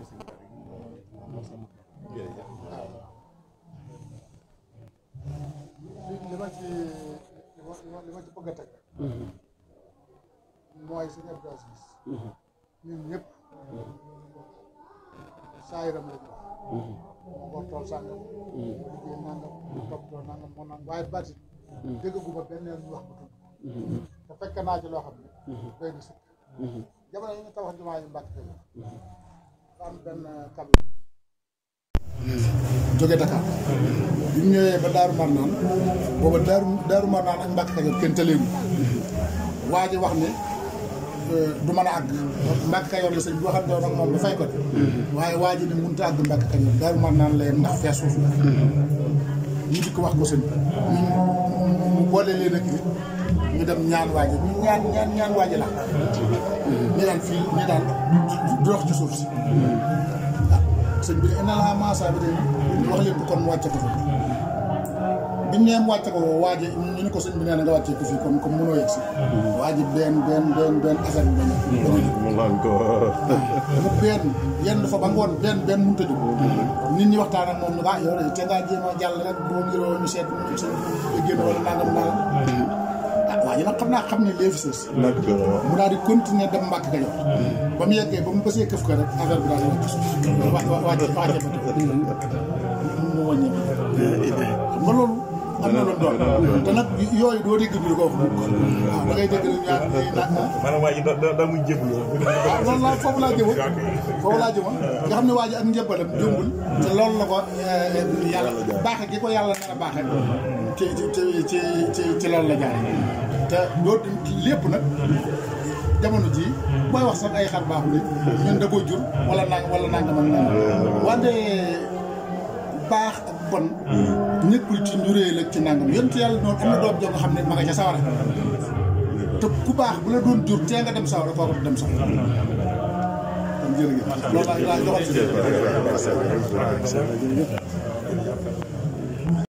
li ma ci li ma ci bëgg a mooy sëñ Abdou Aziz ñun ñëpp saa yaram lañ wax moo war tool sàngam liggéey benn yoon wax ko tudd te fekk naa ci xam ne doy na sëkk jamono yi ñu tabax jumaa yi Mbàkke am benn kàddu jóge Dakar bi ñëwee ba Daaru Marnaan booba Daaru Daaru Marnaan ak Mbàkke Kajoor kenn tëleegu waa ji wax ne euh, du mën a àgg Mbàkke Kajoor la sëñ bi waxal ak moom ba fay ko waaye waa ji ne mënut a àgg Mbàkke Kajoor Daaru Marnaan la yem ndax fees suuf la dikk wax ko sëñ mu boole leen ak nit ñu dem ñaan waa ji ñaan ñaan ñaan la ñi daan fii ñi daan dox ci suuf si waaw sëñ ina laa maasaa bi ah de wax lépp kon mu wàcce ko fi biñ nee mu wàcce ko waaje ñu ne ko sëñ bi nee na nga wàccee ko fii kon comme mënoo yegg si waaje benn benn benn benn asar bi bañ ko mu benn yenn fa ba benn benn mënut a jóg nit ñi waxtaan ak moom ne ah yow de te ngaa jéem a jàll rek boo ngiroo ñu seet ñu sëñ génn wala nangam nangam yi la xam naa xam mu daal di continuer dem mbàkk ka yow hmm. ba mu am na lu doon te nag yooyu doo dégg ñu ko wax waaw ah, da ngay dégg ñu ñaar ñuy naan ah. maanaam waa ji da da muy ah, loolu laa foofu laa jëmoon foofu laa jëmoon nga xam ne waa loolu la ko eh, eh, yàlla baaxe gi ko yàlla na baaxe loolu la jaar jur wala nang wala nangam ak wante baax ak bon mm. nekkul ci njuréel ak ci nangam yonent yàlla noonu am na doom joo xam ne ma nga ca sawara te ku baax bu la doon jur tee nga dem sawara kooku du dem sawara